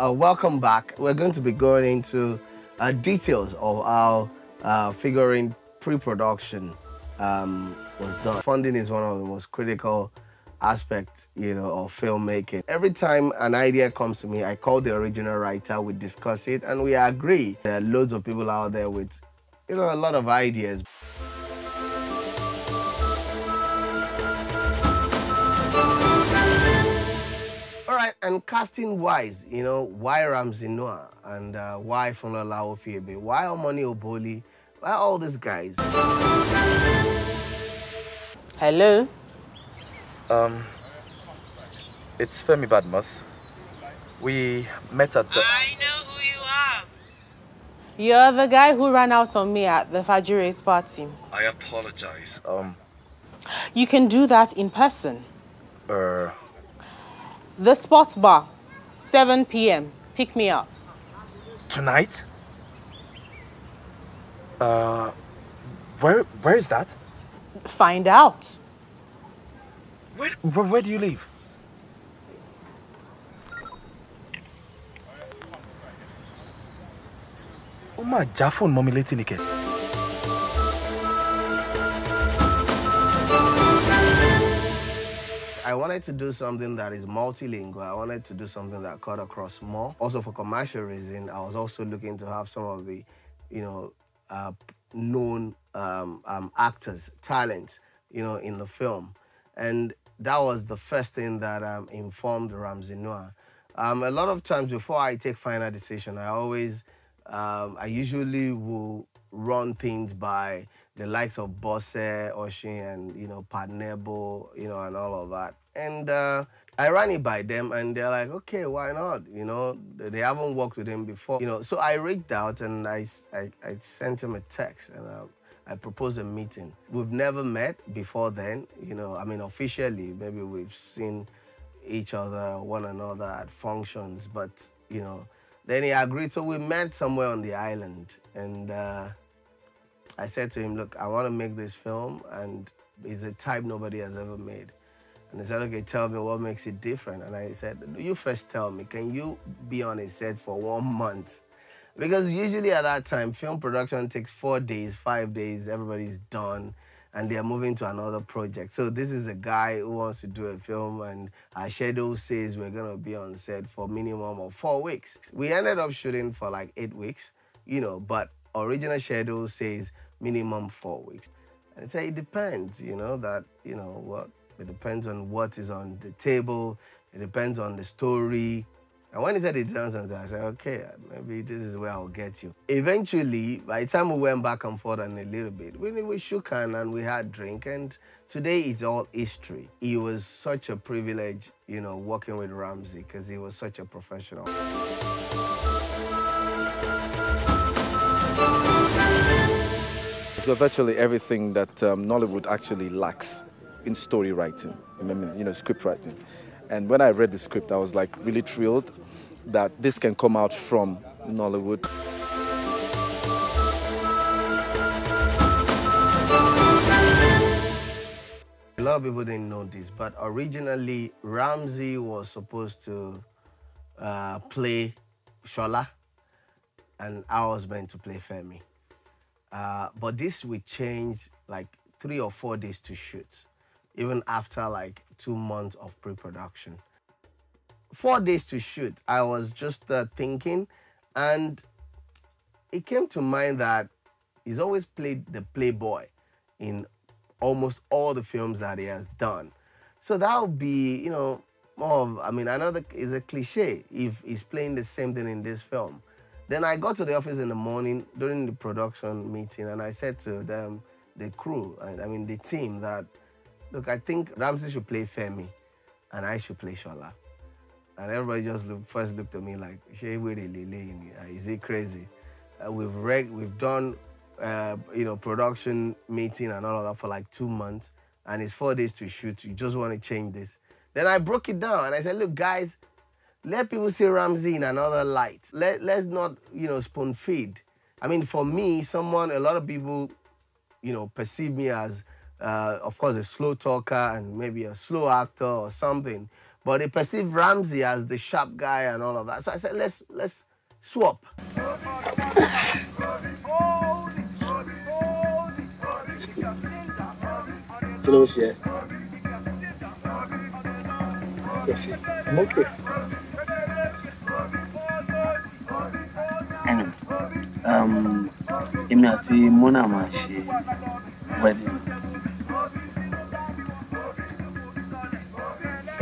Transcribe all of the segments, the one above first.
Uh, welcome back. We're going to be going into uh, details of how uh, figuring pre-production um, was done. Funding is one of the most critical aspect, you know, of filmmaking. Every time an idea comes to me, I call the original writer, we discuss it, and we agree. There are loads of people out there with, you know, a lot of ideas. and casting wise, you know, why Ramsey Noah and uh, why Funala Ofiebe, why Omoni Oboli, why all these guys? Hello? Um, it's Femi Badmus. We met at... Uh... I know who you are. You're the guy who ran out on me at the Fajire's party. I apologize. Um... You can do that in person. Uh... The Sports Bar, 7 p.m. Pick me up. Tonight? Uh, where, where is that? Find out. Where, where, do you live? ó oh, jafun momileti fóònù nìkẹ́. I wanted to do something that is multilingual. I wanted to do something that cut across more. Also for commercial reason, I was also looking to have some of the, you know, uh, known um, um, actors, talents, you know, in the film. And that was the first thing that um, informed Ramsey Noah. Um, a lot of times before I take final decision, I always, um, I usually will run things by the likes of Bosse, Oshin, and you know Padnebo, you know, and all of that. And uh, I ran it by them and they're like, okay, why not? You know, they haven't worked with him before. You know, so I reached out and I, I, I sent him a text and I, uh, I proposed a meeting. We've never met before then, you know, I mean, officially, maybe we've seen each other, one another at functions, but, you know, then he agreed. So we met somewhere on the island and uh, I said to him, look, I want to make this film and it's a type nobody has ever made. And he said, okay, tell me what makes it different. And I said, you first tell me, can you be on a set for one month? Because usually at that time, film production takes four days, five days, everybody's done, and they are moving to another project. So this is a guy who wants to do a film, and our schedule says we're gonna be on set for minimum of four weeks. We ended up shooting for like eight weeks, you know, but original schedule says minimum four weeks. And so it depends, you know, that, you know, what it depends on what is on the table. It depends on the story. And when he said it depends on that, I said, okay, maybe this is where I'll get you. Eventually, by the time we went back and forth and a little bit, we, we shook hands and we had drink. And today it's all history. It was such a privilege, you know, working with Ramsey because he was such a professional. It's got virtually everything that um, Nollywood actually lacks in story writing, you know, script writing. And when I read the script, I was like really thrilled that this can come out from Nollywood. A lot of people didn't know this, but originally Ramsey was supposed to uh, play Shola, and I was meant to play Femi. Uh, but this would change like three or four days to shoot even after like two months of pre-production. Four days to shoot, I was just uh, thinking, and it came to mind that he's always played the playboy in almost all the films that he has done. So that would be, you know, more of, I mean, another is a cliche if he's playing the same thing in this film. Then I got to the office in the morning during the production meeting and I said to them, the crew, I mean, the team, that Look, I think Ramsey should play Femi and I should play Shola. And everybody just first looked at me like, where really, Lele, is he crazy? Uh, we've reg- we've done uh, you know production meeting and all of that for like two months, and it's four days to shoot. You just want to change this. Then I broke it down and I said, look, guys, let people see Ramsey in another light. Let let's not you know spoon feed. I mean, for me, someone, a lot of people, you know, perceive me as uh, of course, a slow talker and maybe a slow actor or something. But they perceive Ramsey as the sharp guy and all of that. So I said, let's let's swap. Close yet. Yes, I'm okay. Anyway, um, èmi àti Mona máa wedding.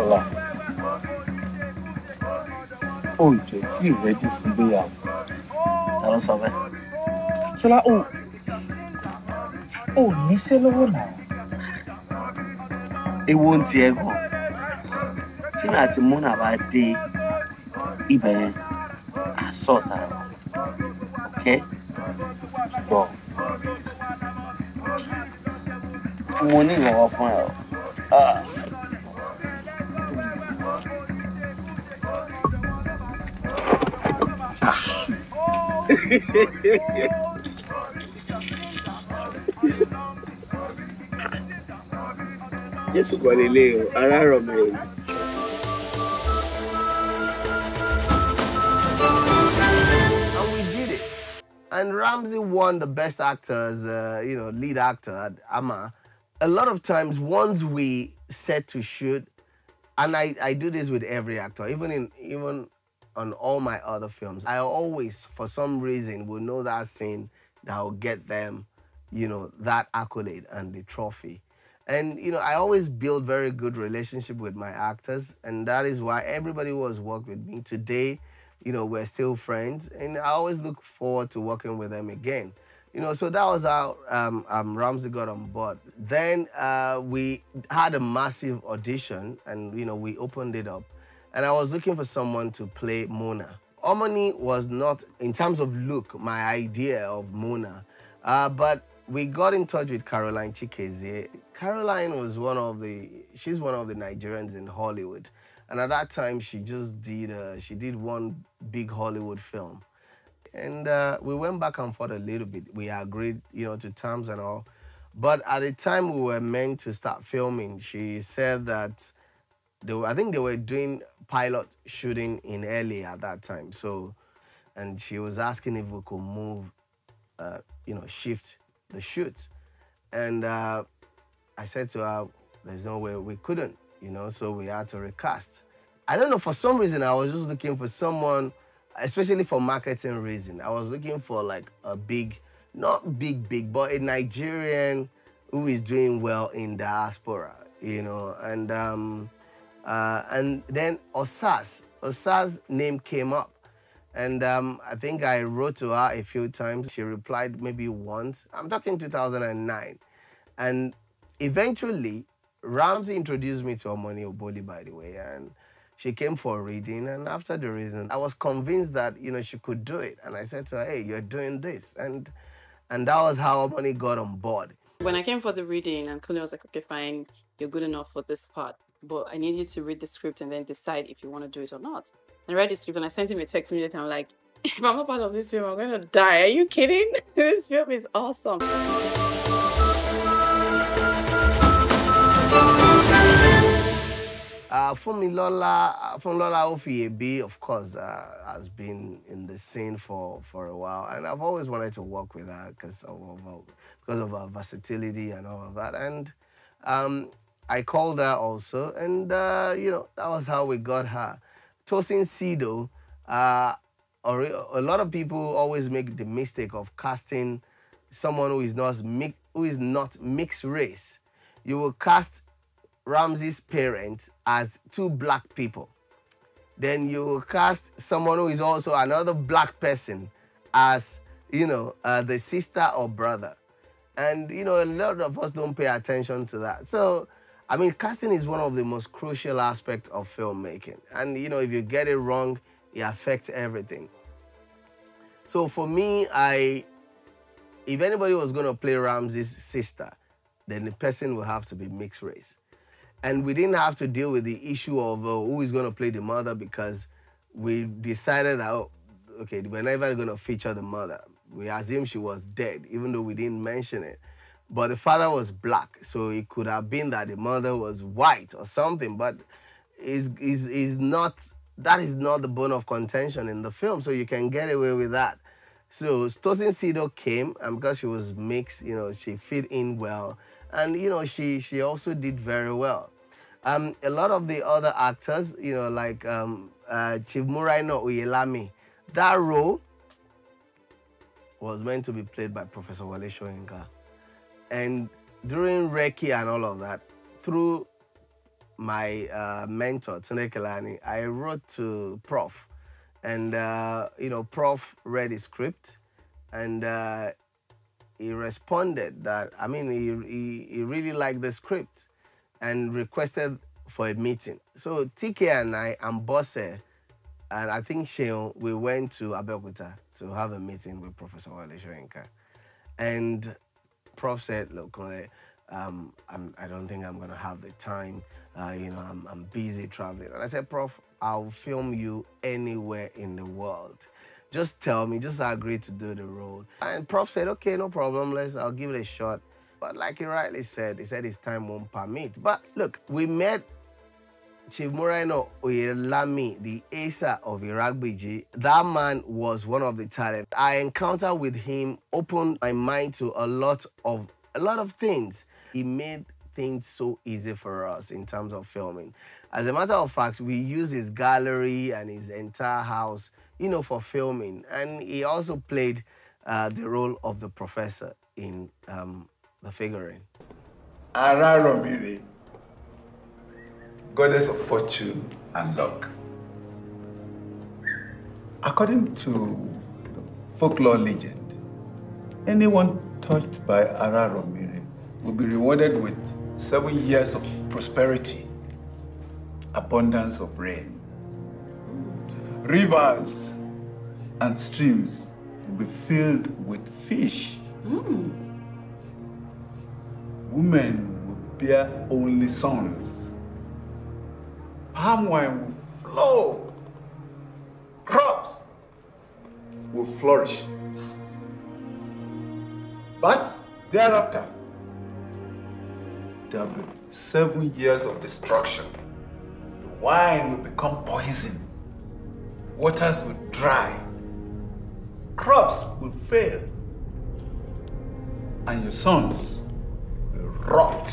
Tọ́lá o jẹ́ tí ìrẹ́dí fún I don't know, sọ bẹ́ẹ̀. Tọ́lá o oh, níṣẹ́ lọ́wọ́ náà. ewo ń tiẹ̀ gan tí mi àti múnà bá dé ibẹ̀ yẹn àsọ̀ tààrà ọ̀kẹ́ gbọ́ mo ní ìwọ̀wọ̀ fún find out. Jésù kan lélẹ̀ o and Ramsey won the best actors, uh, you know, lead actor at AMA. A lot of times, once we set to shoot, and I, I do this with every actor, even in even on all my other films. I always, for some reason, will know that scene that will get them, you know, that accolade and the trophy. And, you know, I always build very good relationship with my actors. And that is why everybody who has worked with me today, you know, we're still friends. And I always look forward to working with them again. You know, so that was how um, um, Ramsey got on board. Then uh, we had a massive audition and, you know, we opened it up and I was looking for someone to play Mona. Omani was not, in terms of look, my idea of Mona, uh, but we got in touch with Caroline Chikezie. Caroline was one of the, she's one of the Nigerians in Hollywood. And at that time, she just did, uh, she did one big Hollywood film. And uh, we went back and forth a little bit. We agreed, you know, to terms and all. But at the time we were meant to start filming, she said that they were, I think they were doing pilot shooting in LA at that time. So, and she was asking if we could move, uh, you know, shift the shoot. And uh, I said to her, there's no way we couldn't, you know, so we had to recast. I don't know, for some reason, I was just looking for someone, especially for marketing reason. I was looking for like a big, not big, big, but a Nigerian who is doing well in diaspora, you know, and um, uh, and then Osas, Osas' name came up. And um, I think I wrote to her a few times. She replied maybe once. I'm talking 2009. And eventually, Ramsey introduced me to Omoni Oboli, by the way. And she came for a reading. And after the reading, I was convinced that, you know, she could do it. And I said to her, hey, you're doing this. And, and that was how Omoni got on board. When I came for the reading, and Kuni was like, okay, fine, you're good enough for this part but I need you to read the script and then decide if you want to do it or not. And I read the script and I sent him a text immediately. I'm like, if I'm not part of this film, I'm going to die. Are you kidding? this film is awesome. Uh, from uh, Lola Ofiebe, of course, uh, has been in the scene for, for a while. And I've always wanted to work with her because of, of, because of her versatility and all of that. And um, I called her also, and uh, you know that was how we got her. Tosin Sido, uh, a lot of people always make the mistake of casting someone who is not who is not mixed race. You will cast Ramsey's parents as two black people. Then you will cast someone who is also another black person as you know uh, the sister or brother. And you know a lot of us don't pay attention to that. So I mean, casting is one of the most crucial aspects of filmmaking. And, you know, if you get it wrong, it affects everything. So for me, I, if anybody was going to play Ramsey's sister, then the person would have to be mixed race. And we didn't have to deal with the issue of uh, who is going to play the mother because we decided that, oh, okay, we're never going to feature the mother. We assumed she was dead, even though we didn't mention it but the father was black, so it could have been that the mother was white or something. But is is is not that is not the bone of contention in the film, so you can get away with that. So Stosin Sido came, and because she was mixed, you know, she fit in well, and you know, she she also did very well. Um, a lot of the other actors, you know, like um, uh, Chief Muraino Uyelami, that role was meant to be played by Professor Wale Shoyinka. And during Reiki and all of that, through my uh, mentor, Tunde Kelani, I wrote to Prof. And, uh, you know, Prof read his script and uh, he responded that, I mean, he, he, he really liked the script and requested for a meeting. So TK and I and Bosse and I think Sheon, we went to Abeokuta to have a meeting with Professor Wale Shoenka. And Prof said, look, uh, um, I'm, I do not think I'm going to have the time. Uh, you know, I'm, I'm busy traveling. And I said, Prof, I'll film you anywhere in the world. Just tell me, just agree to do the road. And Prof said, okay, no problem, let's, I'll give it a shot. But like he rightly said, he said his time won't permit. But look, we met Chief Moreno Oyelami, the ASA of Iraqbeji, that man was one of the talent. I encounter with him opened my mind to a lot of a lot of things. He made things so easy for us in terms of filming. As a matter of fact, we use his gallery and his entire house, you know, for filming. And he also played uh, the role of the professor in um, the figurine. Araromire goddess of fortune and luck. According to folklore legend, anyone touched by Ara Romiri will be rewarded with seven years of prosperity, abundance of rain. Rivers and streams will be filled with fish. Mm. Women will bear only sons palm wine will flow. Crops will flourish. But thereafter, there will be seven years of destruction. The wine will become poison. Waters will dry. Crops will fail. And your sons will rot.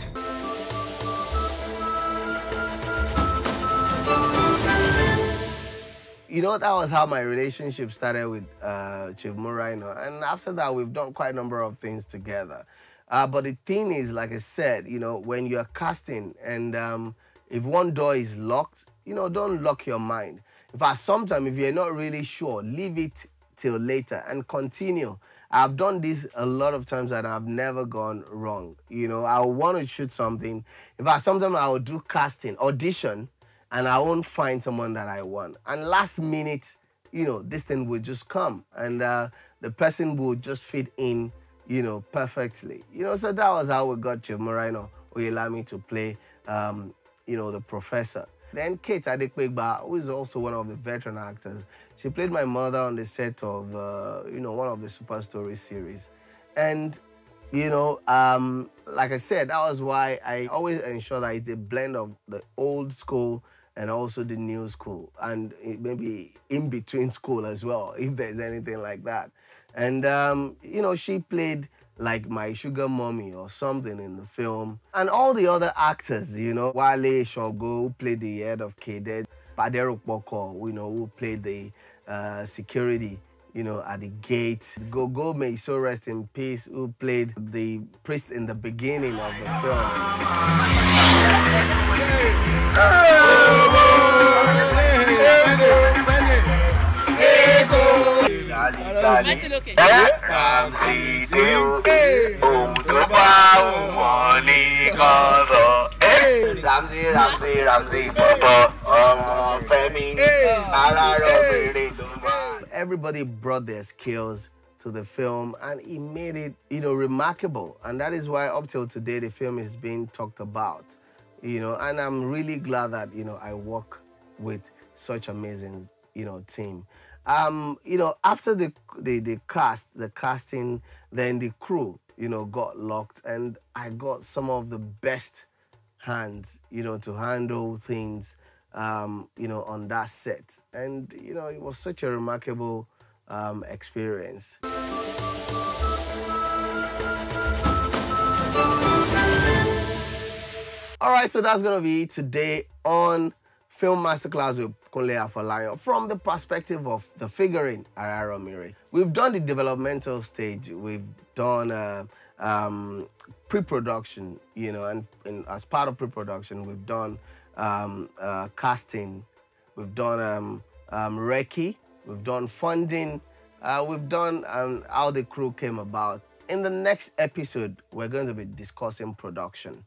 you know, that was how my relationship started with uh, Chief Murano, And after that, we've done quite a number of things together. Uh, but the thing is, like I said, you know, when you're casting and um, if one door is locked, you know, don't lock your mind. In fact, sometimes if you're not really sure, leave it till later and continue. I've done this a lot of times and I've never gone wrong. You know, I want to shoot something. In fact, sometimes I will do casting, audition, and I won't find someone that I want. And last minute, you know, this thing will just come and uh, the person will just fit in, you know, perfectly. You know, so that was how we got Jim Moreno me to play, um, you know, the professor. Then Kate Adekwegba, who is also one of the veteran actors, she played my mother on the set of, uh, you know, one of the Super Story series. And, you know, um, like I said, that was why I always ensure that it's a blend of the old school and also the new school and eh, maybe in between school as well if there's anything like that and um, you know she played like my sugar mommy or something in the film and all the other actors you know wale shogo who played the head of kd padero poko you know who played the uh, security you know, at the gate. Gogo may so rest in peace, who played the priest in the beginning of the film. Ramsey, Ramsey, Ramsey, everybody brought their skills to the film and it made it, you know, remarkable. And that is why up till today the film is being talked about, you know, and I'm really glad that, you know, I work with such amazing, you know, team. Um, you know, after the, the, the cast, the casting, then the crew, you know, got locked and I got some of the best hands, you know, to handle things um, you know, on that set. And, you know, it was such a remarkable um, experience. All right, so that's going to be today on Film Masterclass with Kunle Afolayan from the perspective of the figurine Arara Mire. We've done the developmental stage, we've done uh, um, pre-production, you know, and, and as part of pre-production, we've done um, uh, casting, we've done um, um, Reiki, we've done funding, uh, we've done um, how the crew came about. In the next episode, we're going to be discussing production.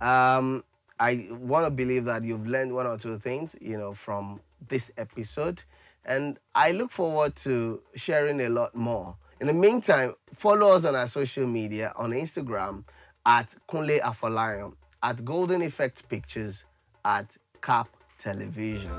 Um, I want to believe that you've learned one or two things, you know, from this episode. And I look forward to sharing a lot more. In the meantime, follow us on our social media on Instagram at Kunle Afolayan, at Golden Effects Pictures, at CAP Television.